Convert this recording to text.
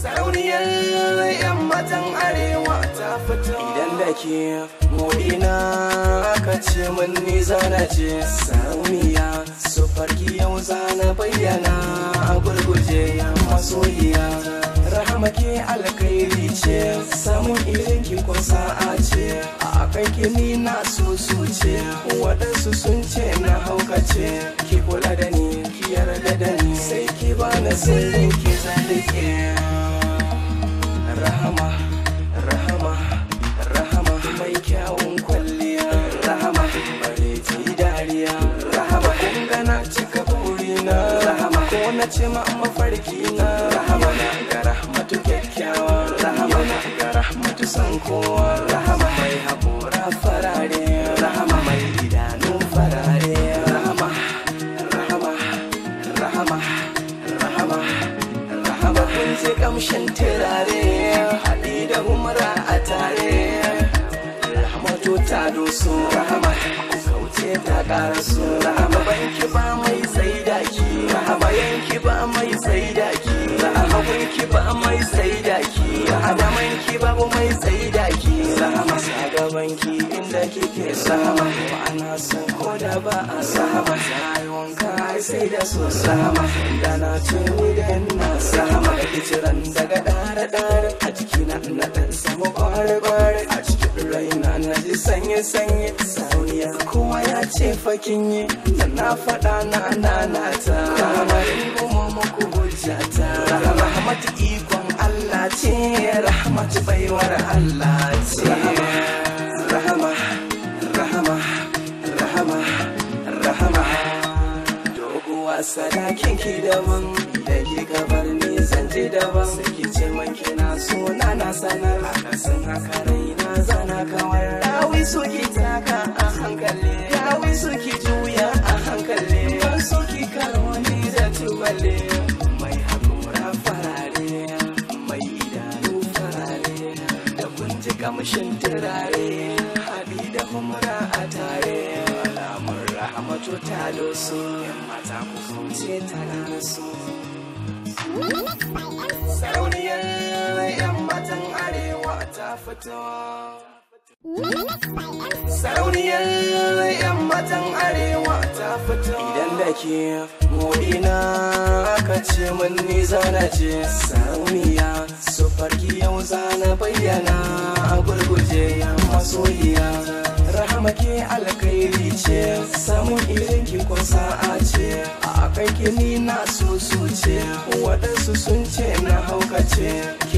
Sarauniyar 'yan matan arewa ta fito idan da ke modina aka ce min ni zana ce sarauniya su farki yau zana bayyana a gurguje masoyiya rahama ke alkhairi ce samun irin ki ko sa'a ce a kanki ni na so su ce waɗansu sun ce na haukace ki kula da ni ki yarda da ni sai ki bani sirrin salikin rahama rahama rahama mai kyawun kwalliya rahama bare ta yi rahama kun rahama ko na na ga kyakkyawa rahama ga rahmatu san rahama mai farare rahama mai idanu farare rahama rahama rahama ji kamshin turare haɗi da humra a tare rahmatu ta doso rahama kauce ta ƙara su rahama banki ba mai sai daki rahama yanki ba mai sai daki rahama ki ba mai sai daki rahama ki ba mai sai ki. banki inda kike sama. ana san ko da ba a sama. sai sai da so sama da na tuni da na sahaba kiran daga dare dare a jikina na dan samu kware kware a cikin raina na ji sanye sanye sauniya kowa ya ce fakin yi na faɗa na na ta kamar mu muku hujja sadakin ki daban da ki gabar ni zan ji daban sai ki ce maki kina so na na sanar haka sun haka raina zana kawar dawi so ki taka a hankali dawi so ki juya a hankali ban so ki karo ni da tubale mai hakura farare mai idanu farare da kun ji kamshin turare haɗi da humra a tare mato ta doso yan mata ku kauce ta naso sarauniyar yan matan arewa ta fito sarauniyar arewa ta fito idan da ke morina aka ce min ni zana ce sarauniya su farki yau zana bayyana a gurguje yan masoyiya rahama ke alkairi ce wasu sun ce na haukace